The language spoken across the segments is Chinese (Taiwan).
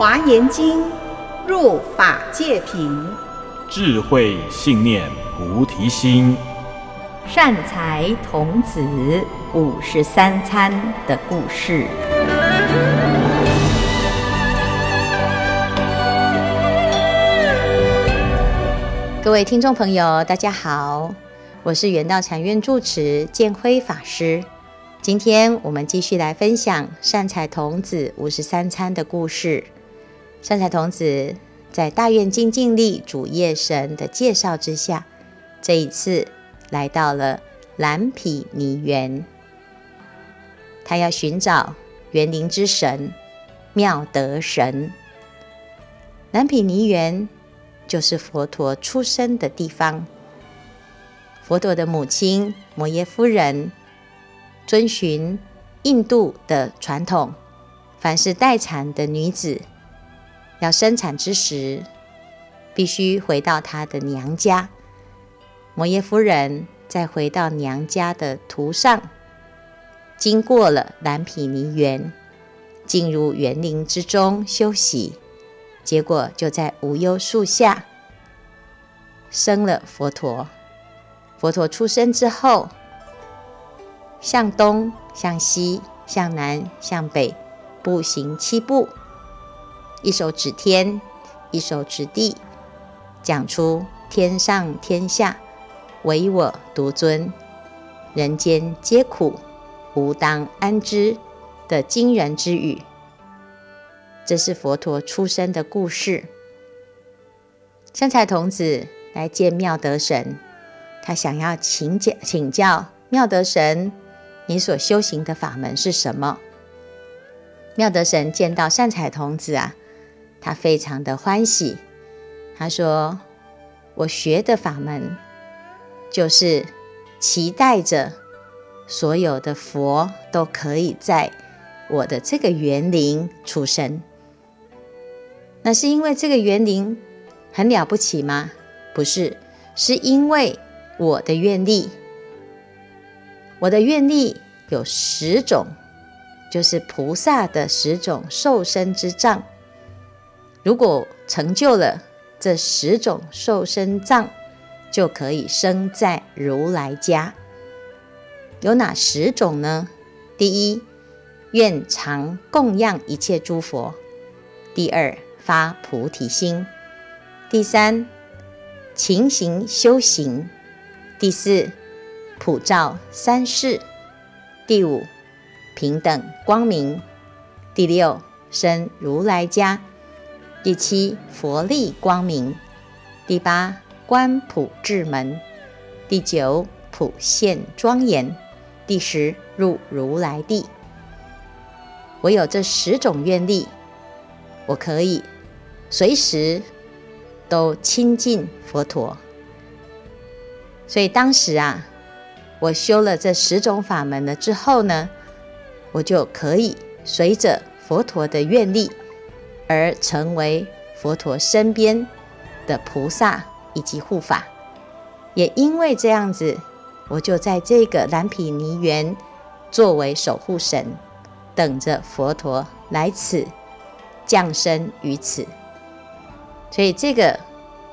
華嚴經入法界品，智慧信念，菩提心，善財童子五十三參的故事。各位聽眾朋友，大家好，我是圓道禪院住持見輝法師。今天我們繼續來分享善財童子五十三參的故事。善財童子在大願精進力主夜神的介紹之下，這一次來到了嵐毗尼園。他要尋找園林之神妙德神。嵐毗尼園就是佛陀出生的地方。佛陀的母親摩耶夫人遵循印度的傳統，凡是待產的女子，要生產之時，必須回到她的娘家。摩耶夫人在回到娘家的途上，經過了嵐毗尼園，進入園林之中休息。結果就在無憂樹下生了佛陀。佛陀出生之後，向東、向西、向南、向北步行七步。一手指天，一手指地，講出“天上天下，唯我獨尊；人間皆苦，吾當安之”的驚人之語。這是佛陀出生的故事。善財童子來見妙德神，他想要請教請教妙德神，你所修行的法門是什麼？妙德神見到善財童子啊。他非常的歡喜，他說：“我學的法門，就是期待着所有的佛都可以在我的這個園林出生。那是因為這個園林很了不起嗎？不是，是因為我的願力。我的願力有十種，就是菩薩的十種受生之藏。”如果成就了這十種受生藏，就可以生在如來家。有哪十種呢？第一，願常供養一切諸佛；第二，發菩提心；第三，勤行修行；第四，普照三世；第五，平等光明；第六，生如來家。第七，佛力光明，第八，觀普智門，第九，普現莊嚴，第十，入如來地。我有這十種願力，我可以隨時都親近佛陀。所以當時啊，我修了這十種法門了之後呢，我就可以隨着佛陀的願力。而成為佛陀身邊的菩薩以及護法，也因為這樣子，我就在這個嵐毗尼園作為守護神，等着佛陀來此降生於此。所以這個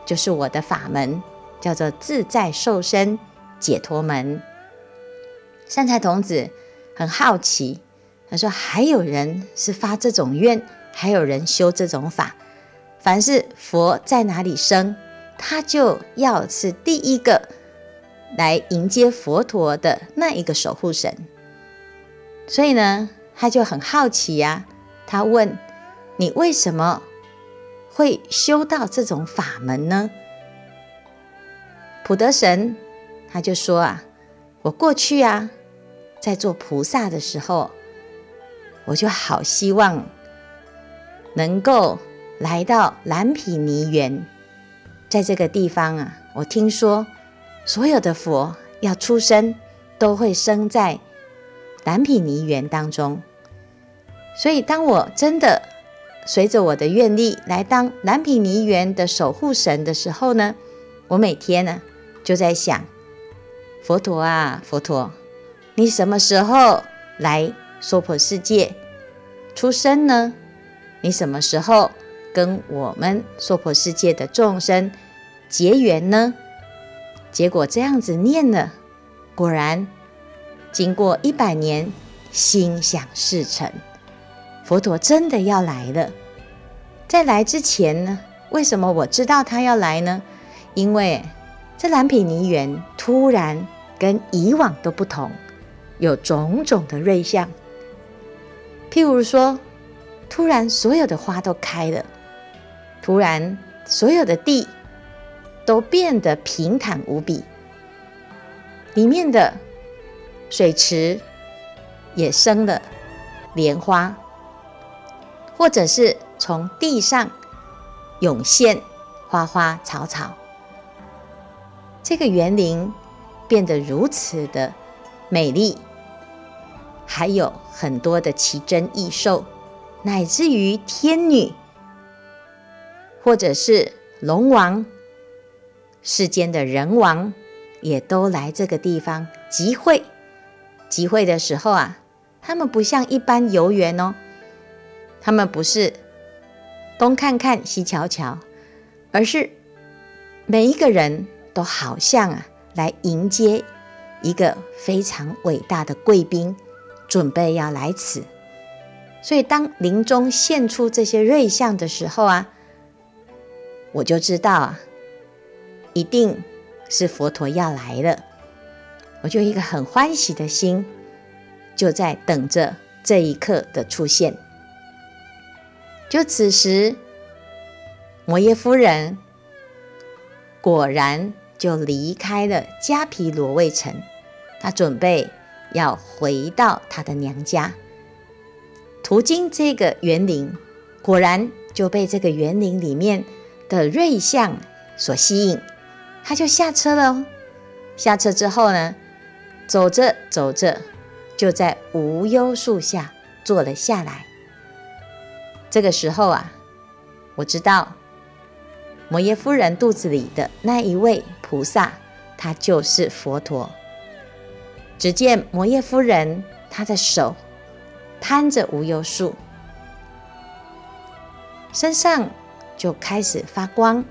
就是我的法門，叫做自在受生解脫門。善財童子很好奇，他說：“還有人是發這種願？”還有人修這種法，凡是佛在哪裡生，他就要是第一個來迎接佛陀的那一個守護神。所以呢，他就很好奇呀、啊，他問，你為什麼會修到這種法門呢？妙德神他就說啊，我過去啊在做菩薩的時候，我就好希望。能夠來到嵐毗尼園，在這個地方啊，我聽說所有的佛要出生都會生在嵐毗尼園當中。所以，當我真的隨着我的願力來當嵐毗尼園的守護神的時候呢，我每天呢就在想：佛陀啊，佛陀，你什麼時候來娑婆世界出生呢？你什麼時候跟我們娑婆世界的眾生結緣呢？結果這樣子念了，果然經過一百年，心想事成，佛陀真的要來了。在來之前呢，為什麼我知道他要來呢？因為這嵐毗尼園突然跟以往都不同，有種種的瑞相，譬如說。突然，所有的花都開了；突然，所有的地都變得平坦無比。裡面的水池也生了蓮花，或者是從地上湧現花花草草。這個園林變得如此的美麗，還有很多的奇珍異獸。乃至於天女，或者是龍王，世間的人王，也都來這個地方集會。集會的時候啊，他們不像一般遊園哦，他們不是東看看西瞧瞧，而是每一個人都好像啊，來迎接一個非常偉大的貴賓，準備要來此。所以，當林中現出這些瑞相的時候啊，我就知道啊，一定是佛陀要來了。我就一個很歡喜的心，就在等着這一刻的出現。就此時，摩耶夫人果然就離開了迦毗羅衛城，她準備要回到她的娘家。途經這個園林，果然就被這個園林裡面的瑞像，所吸引，他就下車了哦。下車之後呢，走着走着，就在無憂樹下坐了下來。這個時候啊，我知道摩耶夫人肚子裡的那一位菩薩，他就是佛陀。只見摩耶夫人，她的手。攀着無憂樹，身上就開始發光。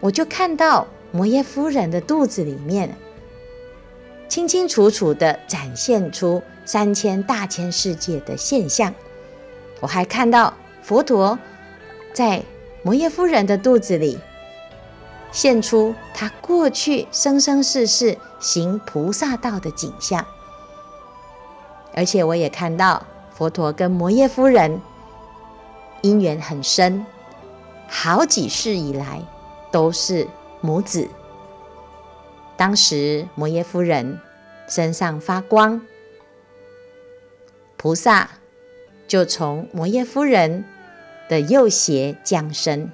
我就看到摩耶夫人的肚子裡面，清清楚楚地展現出三千大千世界的現象。我還看到佛陀在摩耶夫人的肚子裡現出他過去生生世世行菩薩道的景象。而且我也看到佛陀跟摩耶夫人因緣很深，好幾世以來都是母子。當時摩耶夫人身上發光，菩薩就從摩耶夫人的右脅降生，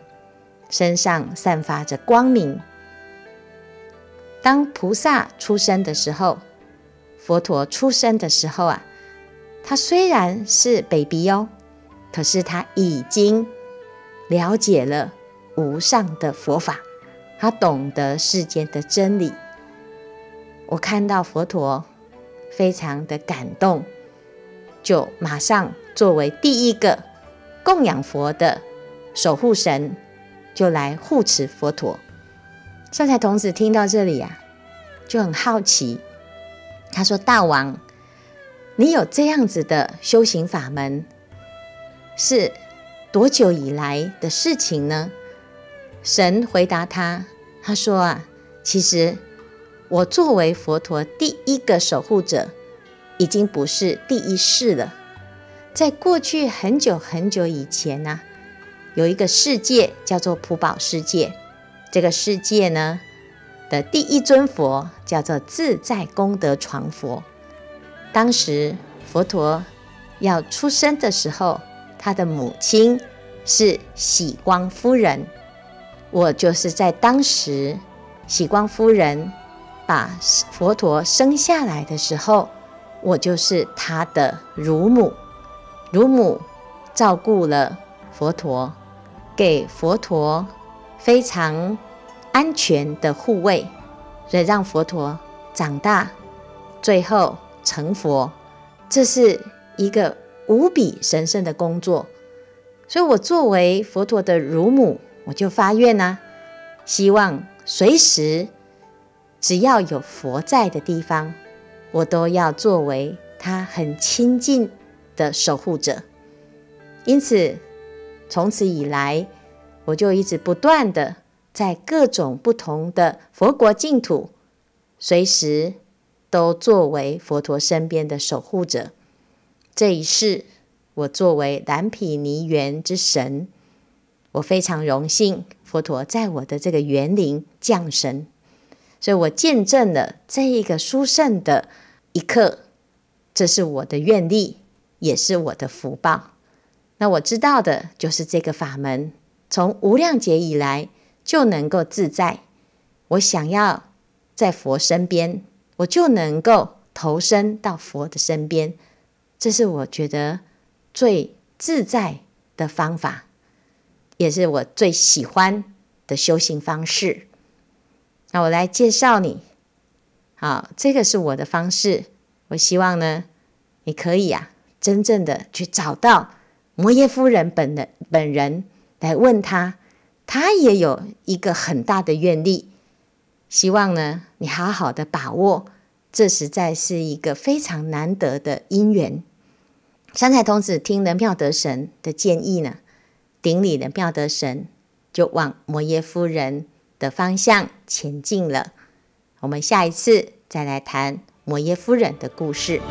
身上散發着光明。當菩薩出生的時候，佛陀出生的時候啊。他雖然是 baby 哦，可是他已經了解了無上的佛法，他懂得世間的真理。我看到佛陀非常的感動，就馬上作為第一個供養佛的守護神，就來護持佛陀。善財童子聽到這裡啊，就很好奇，他說：“大王。”你有這樣子的修行法門，是多久以來的事情呢？神回答他，他說啊，其實我作為佛陀第一個守護者，已經不是第一世了。在過去很久很久以前呢，啊，有一個世界叫做普寶世界，這個世界呢的第一尊佛叫做自在功德幢佛。當時佛陀要出生的時候，他的母親是喜光夫人。我就是在當時喜光夫人把佛陀生下來的時候，我就是他的乳母。乳母照顧了佛陀，給佛陀非常安全的護衛，也讓佛陀長大。最後。成佛，這是一個無比神聖的工作，所以我作為佛陀的乳母，我就發願呢、啊，希望隨時只要有佛在的地方，我都要作為他很親近的守護者。因此，從此以來，我就一直不斷的在各種不同的佛國淨土，隨時。都作為佛陀身邊的守護者。這一世，我作為嵐毗尼園之神，我非常榮幸，佛陀在我的這個園林降生，所以我見證了這一個殊勝的一刻。這是我的願力，也是我的福報。那我知道的就是這個法門，從無量劫以來就能夠自在。我想要在佛身邊。我就能夠投身到佛的身邊，這是我覺得最自在的方法，也是我最喜歡的修行方式。那我來介紹你，好，這個是我的方式。我希望呢，你可以啊，真正的去找到摩耶夫人本的本人來問她，她也有一個很大的願力。希望呢，你好好的把握，這實在是一個非常難得的因緣。善財童子聽了妙德神的建議呢，頂禮了妙德神，就往摩耶夫人的方向前進了。我們下一次再來談摩耶夫人的故事。